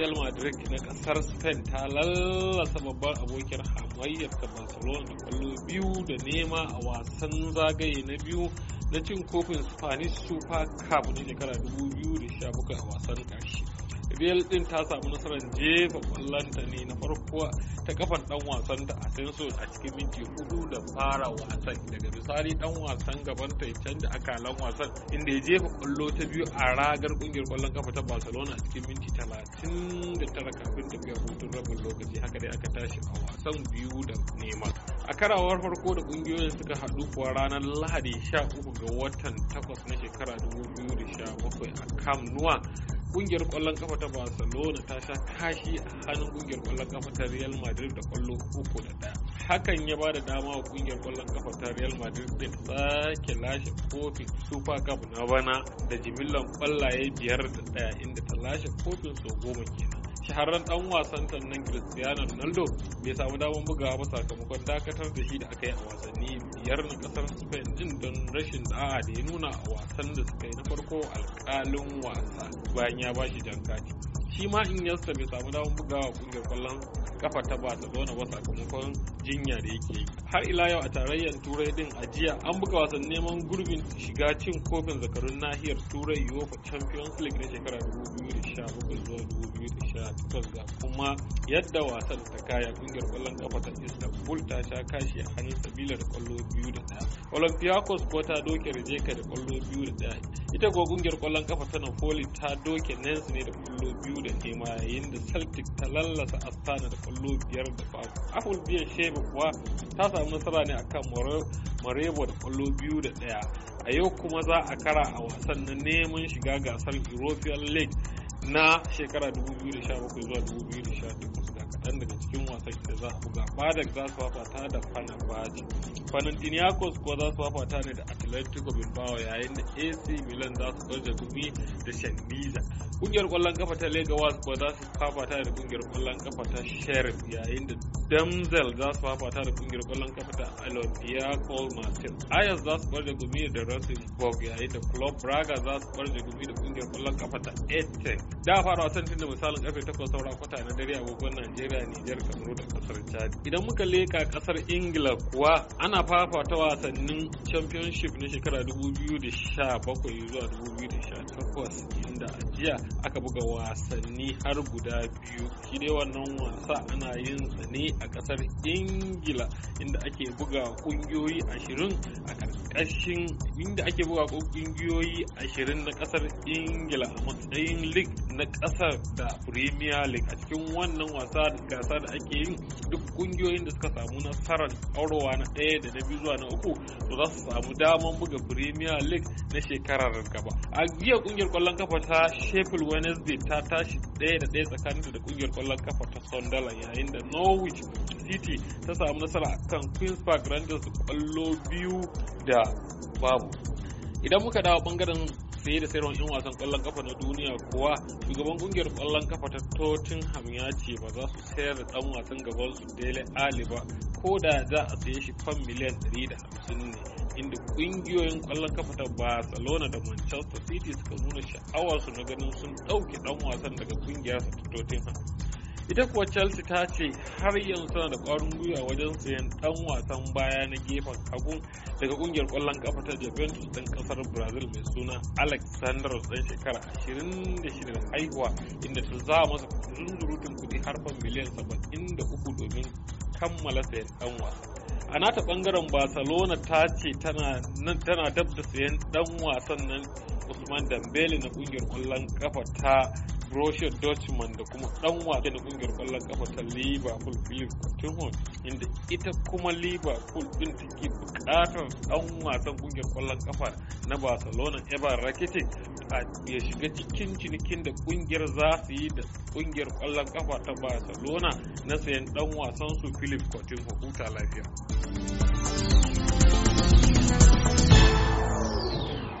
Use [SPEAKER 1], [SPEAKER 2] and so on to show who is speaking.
[SPEAKER 1] real madrid na kasar spain ta lallasa babbar abokiyar hamayyar ta barcelona da kwallo biyu da nema a wasan zagaye na biyu na cin kofin spanish super cup na shekara 2017 a wasan karshe bel din ta samu nasarar jefa kwallonta ne na farko ta kafan dan wasan ta asenso a cikin minti hudu da fara wasan daga misali dan wasan gaban ta canja akalan wasan inda ya jefa kwallo ta biyu a ragar kungiyar kwallon kafa ta barcelona a cikin minti talatin da tara kafin biya hutun rabin lokaci haka dai aka tashi a wasan biyu da nema a karawar farko da kungiyoyin suka haɗu kuwa ranar lahadi 13 ga watan 8 na shekara 2017 a kam kungiyar kwallon kafa ta barcelona ta sha kashi a hannun kungiyar kwallon kafa ta real madrid da kwallo uku da daya hakan ya ba da dama wa kungiyar kwallon kafa ta real madrid din sake lashe kofin super cup na bana da jimillan kwallaye biyar da daya inda ta lashe kofin sau goma kenan shaharar dan wasan tannan cristiano ronaldo bai samu damar bugawa ba sakamakon dakatar da shi da aka yi a wasanni biyar na kasar spain din don rashin da'a da ya nuna a wasan da suka yi na farko alkalin wasa bayan ya bashi jan kati shi ma in yasta bai samu damar bugawa kungiyar kwallon kafa ta ba ta zauna ba sakamakon jinya da yake yi har ila yau a tarayyar turai din a jiya an buga wasan neman gurbin shiga cin kofin zakarun nahiyar turai uefa champions league na shekara 2017 zuwa 2018 ga kuma yadda wasan ta kaya kungiyar kwallon kafa ta istanbul ta sha kashi a hannun sabila da kwallo biyu da daya olympiacos ko ta doke rijeka da kwallo biyu da daya ita ko kungiyar kwallon kafa ta napoli ta doke nens ne da kwallo biyu da nema yayin da celtic ta lallasa astana da kwallo biyar da babu apple biyan sheba kuwa ta samu nasara ne akan marebo da kwallo biyu da daya a yau kuma za a kara a wasan na neman shiga gasar european league na shekara 2017 zuwa 2018 kaɗan daga cikin wasan da za a buga badak za su wafata da fenerbahce panathinaikos kuwa za su wafata ne da atletico bilbao yayin da ac milan za su ɗauke gumi da shanbiza kungiyar kwallon kafa ta legawas kuwa za su fafata da kungiyar kwallon kafa ta sheriff yayin da damzel za su wafata da kungiyar kwallon kafa ta olympiacos martin ayas za su da gumi da rosenborg yayin da club braga za su da gumi da kungiyar kwallon kafa ta etek da fara wasan tun da misalin karfe 8 saura kwata na dare agogon najeriya Najeriya, Nijar, Kamaru da kasar Chad. Idan muka leka kasar Ingila kuwa ana fafata wasannin Championship na shekara 2017 zuwa 2018 inda a jiya aka buga wasanni har guda biyu. Shi dai wannan wasa ana yin sa ne a kasar Ingila inda ake buga kungiyoyi 20 a karkashin inda ake buga kungiyoyi 20 na kasar Ingila a matsayin league na kasar da Premier League a cikin wannan wasa da gasa da ake yi duk kungiyoyin da suka samu nasarar aurowa na ɗaya da na biyu zuwa na uku to za su samu damar buga premier league na shekarar gaba a jiya kungiyar kwallon kafa ta sheffield wednesday ta tashi ɗaya da ɗaya tsakanin da kungiyar kwallon kafa ta sunderland yayin da norwich city ta samu nasara akan queens park rangers kwallo biyu da babu idan muka dawo bangaren sai da sayarwar 'yan wasan kwallon kafa na duniya kuwa shugaban kungiyar kwallon kafa ta ham ya ce ba za su sayar da dan wasan gaban su Dele Ali ba ko da za a saye shi fan miliyan 150 ne inda kungiyoyin kwallon kafa ta Barcelona da Manchester City suka nuna sha'awarsu na ganin sun ɗauki ɗan wasan daga kungiyarsa ta totin ham. ita kuwa chelsea ta ce har yanzu tana da kwarin gwiwa wajen sayan dan wasan baya na gefen hagu daga kungiyar kwallon kafa ta juventus dan ƙasar brazil mai suna alexander ɗan shekara 26 da haihuwa inda ta za masa zunzurutun kuɗi harfan miliyan 73 domin kammala sayan dan wasa a nata bangaren barcelona ta ce tana dab da sayan dan wasan nan usman dambele na kungiyar kwallon kafa ta Borussia Dortmund da kuma dan wasa da kungiyar kwallon kafa ta Liverpool Philip Coutinho inda ita kuma Liverpool din take bukatar dan wasan kungiyar kwallon kafa na Barcelona Evan Rakitic ya shiga cikin cinikin da kungiyar za su yi da kungiyar kwallon kafa ta Barcelona na sayan dan wasan su Philip Coutinho huta lafiya.